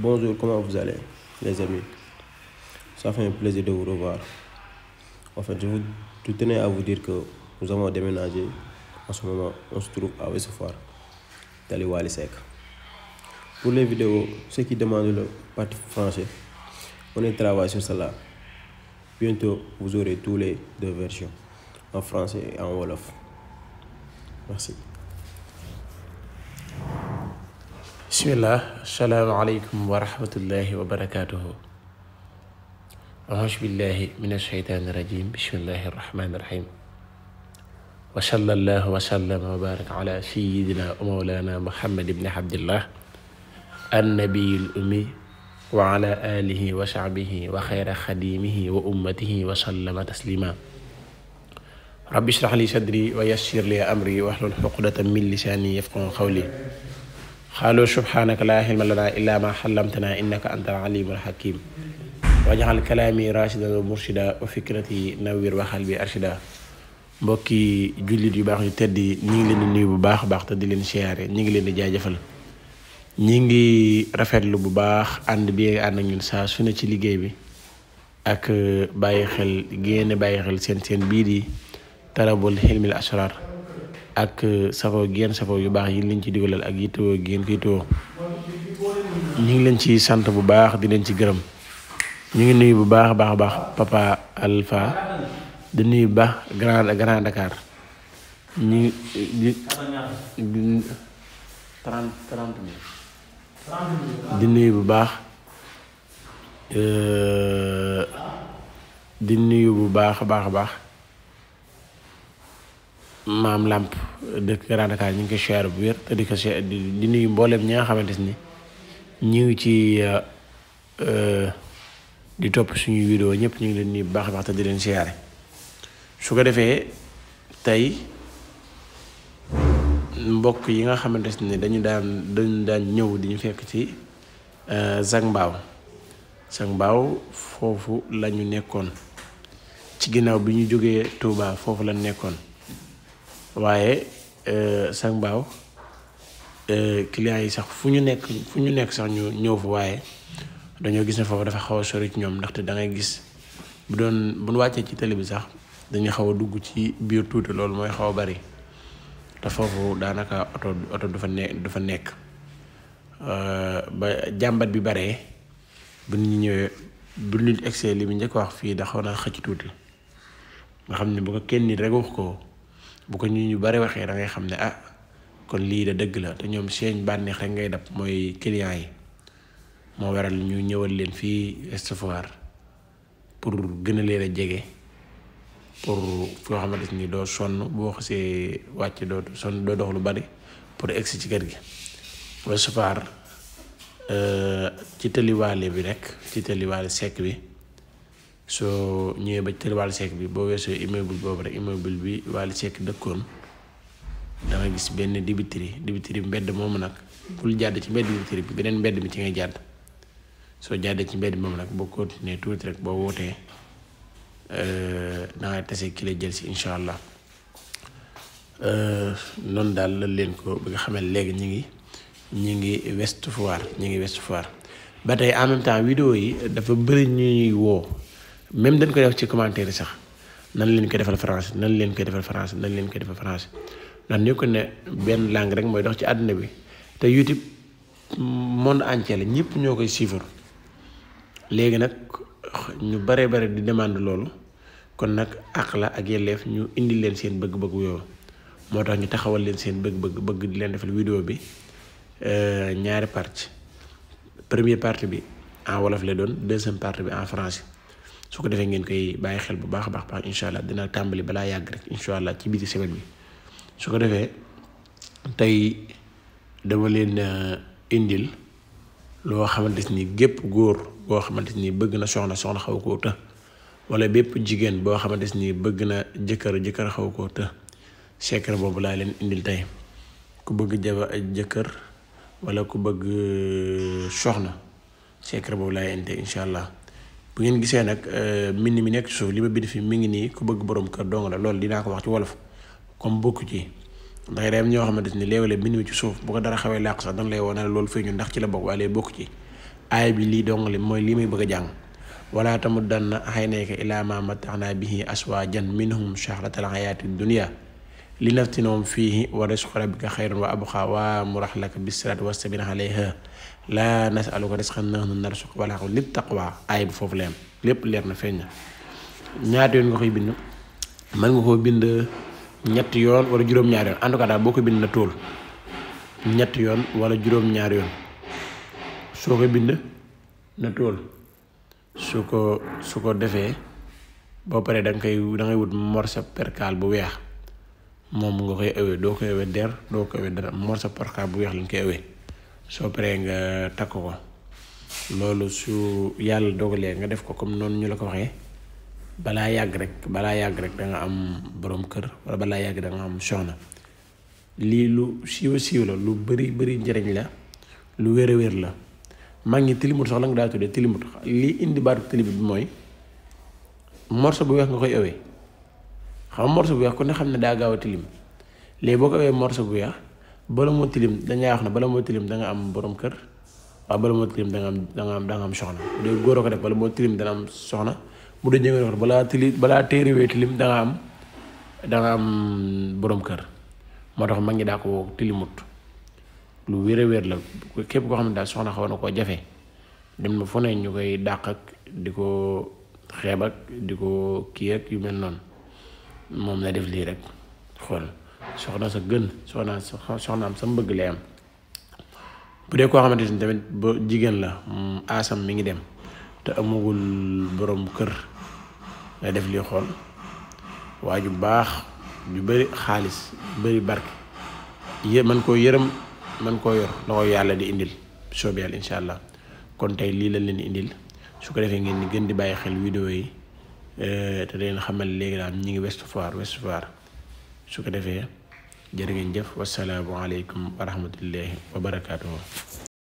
Bonjour, comment vous allez, les amis Ça fait un plaisir de vous revoir. En fait, je, vous, tenais à vous dire que nous avons déménagé. En ce moment, on se trouve à Wessefar, dans les Sec. Pour les vidéos, ceux qui demandent le parti français, on est travaillé sur cela. Bientôt, vous aurez tous les deux versions, en français et en Wolof. Merci. بسم الله السلام عليكم ورحمة الله وبركاته أعوذ بالله من الشيطان الرجيم بسم الله الرحمن الرحيم وصلى الله وسلم وبارك على سيدنا ومولانا محمد بن عبد الله النبي الأمي وعلى آله وصحبه وخير خديمه وأمته وسلم تسليما رب اشرح لي صدري ويسر لي أمري واحلل عقدة من لساني يفقه قولي خالو سبحانك لا علم لنا الا ما علمتنا انك انت العليم الحكيم واجعل كلامي راشدا ومرشدا وفكرتي نوير وخلبي ارشدا مبكي جوليت يو باخ تيدي نيغي لين نوي بو باخ باخ تا دي لين شياري نيغي لين جاجيفال نيغي رافيتلو بو باخ اند بي اند نيون سا سوني سي ليغي بي اك باي خيل غين باي خيل سين سين بي دي طلب الحلم الاسرار ak safo génn safo yu baax yi liñ ci digalal ak yittewoo génn fiitewoo ñu ngi leen ci bah bu baax di leen ci gërëm ñu ngi nuyu bu baax baax baax papa Alpha di nuyu bu grand grand Dakar ñu di di nuyu bu baax euh, di nuyu bu baax baax baax maam làmp dëkk Grand Dakar ñu ngi koy siyaar bu wér te di di nuyu mbooleem ñi nga xamante ni ñu ngi ci euh, euh, di topp suñuy vidéo ñëpp ñu ngi leen nuyu bu baax a baax te di leen siyaare su ko defee tey mbokk yi nga xamante ni dañu daan dañu daan ñëw di ñu fekk ci euh, Zac Mbao Zac Mbao foofu la ñu nekkoon ci ginnaaw bi ñu jógee Touba foofu lañu nekkoon. waaye euh, sax mbaaw euh, clients yi sax fu ñu nekk fu ñu nekk sax ñu ñëw fu waaye dañoo gis ne foofu dafa xaw a sori ci ñoom ndaxte dangay gis bu doon bu ñu wàccee ci télé bi sax dañuy xaw a dugg ci biir tuuti loolu mooy xaw a bari te foofu daanaka oto oto du fa ne du nekk euh, ba jàmbat bi baree bu ñu ñëwee bu ñu egsee li mu njëkk wax fii da xaw naa xëcc tuuti nga xam ne bu ko kenn nit rek wax ko. bu ko ñu ñu bari waxee dangay xam ne ah kon lii da dëgg la te ñoom seen bànneex rek ngay dab mooy client yi moo waral ñu ñëwal leen fii Ouest pour gën a leen a jege pour foo xamante nii doo sonn boo xasee wàcc doo sonn dox lu bari pour egsi ci kër gi Ouest Foire euh, ci tëliwaale bi rek ci tëliwaale sec bi soo ñëwee ba tël Wally Seck bi boo weesoo immeuble boobu rek immeuble bi Wally Seck dëkkoon da nga gis benn dibitiri dibitiri mbedd moomu nag bul jàdd ci mbedd dibitiri bi beneen mbedd mi ci ngay jàdd soo jàddee ci mbedd moom nag boo continuer tuuti rek boo wootee euh, da ngay tase ki la jël si incha allah euh, noonu daal la leen ko bi nga xamal léegi ñu ngi ñu ngi Ouest Foire ñu ngi Ouest Foire ba tey en même yi dafa bëri ñuy woo même dañ koy def ci commentaire yi sax nan leen koy defal france nan leen koy defal français nan leen koy defal français ndax ñu ko ne benn langue rek mooy dox ci àdduna bi te YouTube monde entier la ñëpp ñoo koy suivre léegi nag ñu bare bare di demande loolu kon nag àq la ak yelleef ñu indi leen seen bëgg-bëgg yooyu moo tax ñu taxawal leen seen bëgg-bëgg bëgg di leen defal vidéo bi euh, ñaari partie premier partie bi en wolof la doon deuxième partie bi en français. su ko defee ngeen koy bàyyi xel bu baax a baax baax incha allah dina tàmbali balaa yàgg rek incha allah ci biti semaine bi su ko defee tey dama leen euh, indil loo xamante ni gépp góor boo xamante ni bëgg na soxna soxna xaw koo të wala bépp jigéen boo xamante ni bëgg na jëkkër jëkkër xaw koo të secret boobu laa leen indil tey ku bëgg jaba jëkkër wala ku bëgg euh, soxna secret boobu laa indi incha allah. bu ngeen gisee nag mbind mi nekk ci suuf li ma bind fi mi ngi nii ku bëgg borom kër dong la loolu dinaa ko wax ci wolof comme bokk ci ndax day ñoo xamante ni léewale min mi ci suuf bu ko dara xawee làq sax dañ lay wone loolu fay ñu ndax ci la bokk waaye lay bokk ci aay bi lii dong li mooy lii muy bëgg a jàng wala tamut dan tamuddanna nekk ilaa maa matta'naa bihi jan minhum shahratal xayaati dunia لنفتنهم فيه ورزق ربك خير وأبقى وامرح لك بالصراط واستبر عليها لا نسألك رزقا نحن نرزق ولا حول للتقوى آي بفوف لام لب ليرنا فينا ñaar yoon nga koy bind man nga ko bind ñett yoon wala juróom ñaar yoon en tout cas daal boo ko bind na tool wala juróom ñaar yoon soo ko bind na tool su ko su ko moom nga koy ewe doo ko ewe der doo ko ëwee dara morceau portable bu weex lañ koy ewe soo paree nga takk ko loolu su yàlla dogalee nga def ko comme noonu ñu la ko waxee balaa yàgg rek balaa yàgg rek da nga am borom kër wala balaa yàgg da nga am soxna lii lu siiw siiw la lu bari bari njëriñ la lu wér a wér la maa ngi tilimut sax la nga daa tuddee tilimut lii indi baatu tilimut bi mooy bu weex nga koy ëwee xam nga morso bu weex ku ne xam ne daa gaaw a tilim léegi boo ko wee morso bu weex bala moo tilim dañuy wax ne bala moo tilim da am borom kër waaw bala moo tilim da nga am da nga am da am soxna bu dee góor ko def bala moo tilim dana am soxna bu dee jëngee ko balaa tili balaa téerewee tilim danga am danga am borom kër moo tax mag ngi daa ko tilimut lu wér a la képp koo xam ne daal soxna xaw na koo jafe dem na fu ne ñu koy dàq ak di ko xeeb ak di ko kii ak yu mel noonu. moom la def lii rek xool soxna sa gën soxna soxnaam sa bëgg lay am bu dee koo xamante ne tamit ba jigéen la mm, aasam mi ngi dem te amagul borom kër la def lii xool waa ju baax ju bari xaalis bari barke yë man koo yërëm man koo yor la yàlla di indil soob yàlla allah kon tey lii la leen indil su ko defee ngeen di gën di bàyyi xel vidéo yi Eh, te leen xamal léegi daal ñu ngi Ouest Foire Ouest Foire su ko defee jërë njëf jëf wasalaamualeykum wa rahmatullahi wa